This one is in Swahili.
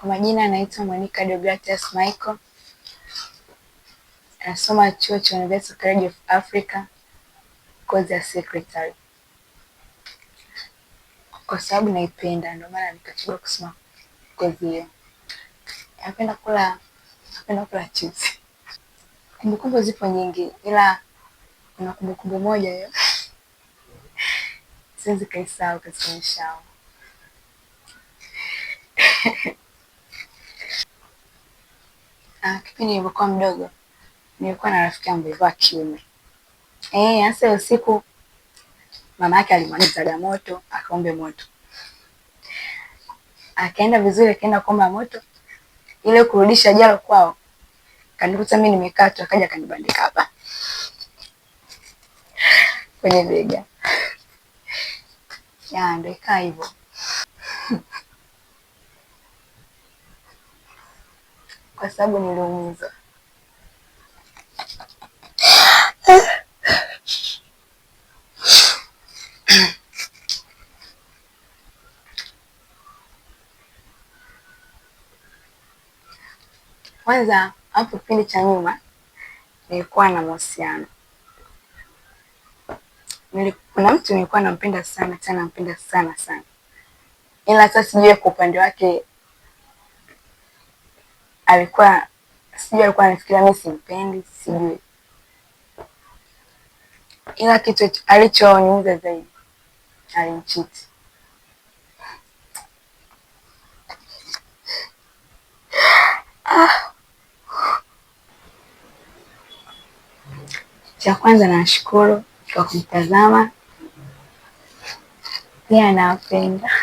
Kwa majina anaitwa Monica Deogratias Michael, anasoma chuo cha Universal College of Africa, kozi ya secretary. Kwa sababu naipenda, ndio maana nikachagua kusoma kozi hiyo. Napenda kula, napenda kula chips. Kumbukumbu zipo nyingi, ila kuna kumbukumbu moja hiyo siwezi kaisahau katika maisha yangu Kipindi nilikuwa mdogo nilikuwa na rafiki yangu alikuwa kiume. Eh, hasa usiku mama yake alimwagizaga moto akaombe moto, akaenda vizuri, akaenda kuomba moto. Ile kurudisha jalo kwao, kanikuta mimi nimekaa tu, akaja kanibandika hapa kwenye bega ya ndio ikaa hivyo. kwa sababu niliumiza Kwanza hapo kipindi cha nyuma nilikuwa na mahusiano, kuna mtu nilikuwa nampenda sana tena nampenda sana sana, ila sasa sijui kwa upande wake alikuwa sijui alikuwa anafikiria mimi simpendi, sijui, ila kitu alichoniuza zaidi alimchiti Ah, cha kwanza nashukuru kwa kumtazama, pia anawapenda